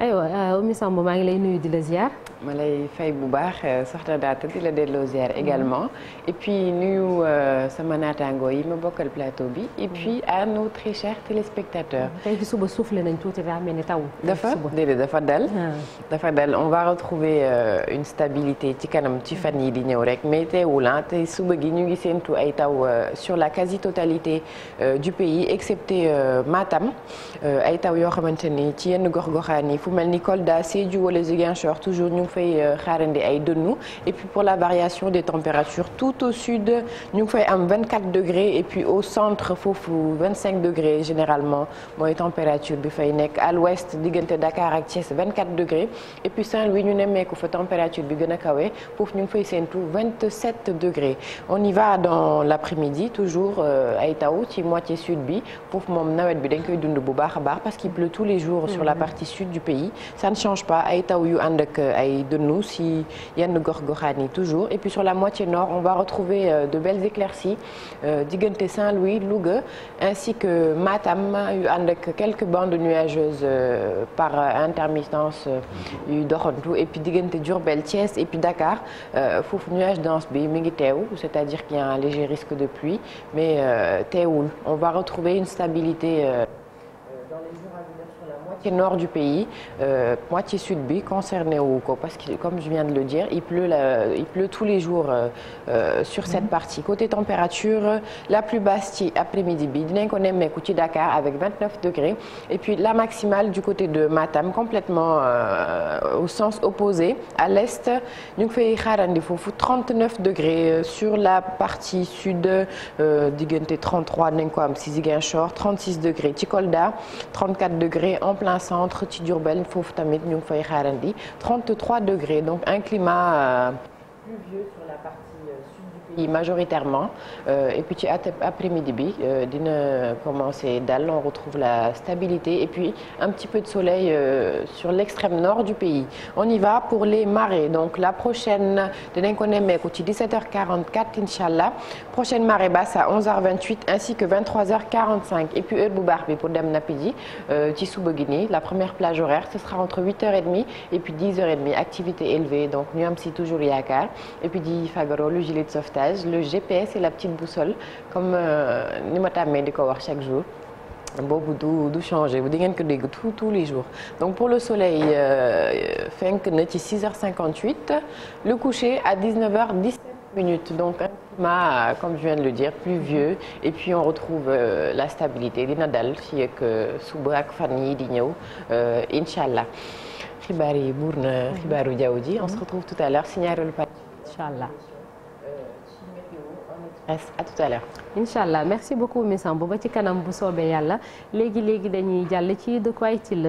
aywa euh, Oumy Samb maa ngi lay nuyu di la ziar. ma lay fay bu baax euh, soxna Daata di la delloo ziar également mm-hmm. et puis nuyu euh, sama naataangoo yi ma bokkal plateau bi et mm-hmm. puis à nos très chers téléspectateurs. Mm-hmm. tey suba soufflé nañ tuuti daa mel ni taw. dafa déedéet dafa dal. Ah. dafa dal on va retrouver une stabilité ci kanam ci fan yi di ñëw rek mais teewul ah tey suba gi ñu ngi séentu ay taw sur la quasi totalité du pays excepté Matam ay taw yoo xamante ni ci yenn gox-goxaan fu mel ni Kolda Sédhiou wala Ziguinchor toujours ñu ngi fay euh, xaarandi ay dënnu et puis pour la des températures tout au sud ñu ngi fay am 24 degrés et puis au centre foofu 25 degrés généralement mooy température bi fay nekk à l'ouest diggante Dakar ak Thiès 24 degrés et puis saint ñu nemmeeku fa température bi gën a kawe foofu ñu ngi fay séntu 27 degrés on y va dans l'après-midi toujours euh, ay taw ci moitié sud bi foofu moom nawet bi dañ koy dund bu baax a baax parce qu'il pleut tous les jours sur yi ça ne change pas ay taw yu ànd ak euh, ay dënnu si yenn gox-goxaan yi toujours et puis sur la moitié nord on va retrouver euh, de belles éclaircies euh, diggante Saint-Louis Louga ainsi que Matam yu ànd ak quelques bandes nuageuses par intermittence yu doxantu et puis diggante Diourbel Thiès et puis Dakar foofu nuage dense bi mi ngi teew c'est-à-dire qu'il y a un léger risque de mais teewul on va retrouver une stabilité moitié nord du pays euh, moitié sud bi concerné wu ko parce que comme je le dire il pleut la, il pleut tous les jours euh, euh, sur cette mhm. partie côté température la plus basse ci après-midi bi dinañ ko nemmeeku ci Dakar avec 29 degrés et puis la maximale du côté de Matam complètement au sens opposé à ñu fay xaarandi foofu 39 degrés sur la partie sud diggante 33 nañ ko am si Ziguinchor 36 degrés ci Kolda Dagana centre ci Diourbel foofu tamit ñu ngi fay xaarandi 33 degrés donc un climat euh, pluvieux sur la partie yi majoritairement euh, et puis ci après-midi bi euh, dina commencer dal on retrouve la stabilité et puis un petit peu de soleil euh, sur l'extrême nord du pays on y la prochaine dinañ ko nemmeeku ci 17h44 inchallah prochaine bu baax bi pour dem nappi ji euh, ci la première plage horaire ce sera entre 8 h étage le GPS et la petite boussole comme euh, ni ma tàmmee di ko wax chaque jour. boobu du du changé di ngeen ko dégg tous tous les jours donc pour le soleil euh, fenk na ci 6h58 le coucher à 19h17 minutes donc un climat euh, comme je viens de le dire pluvieux et puis on retrouve la stabilité dina dal fii ak suba ak fan yi di ñëw incha allah xibaar yi buur na xibaaru jaww ji on se retrouve tout à l'heure si ñaareelu pàcc incha allah à tout à l'heure incha merci beaucoup Miss Samb ba ci kanam bu soobee yàlla léegi léegi dañuy jàll ci de quoi est-il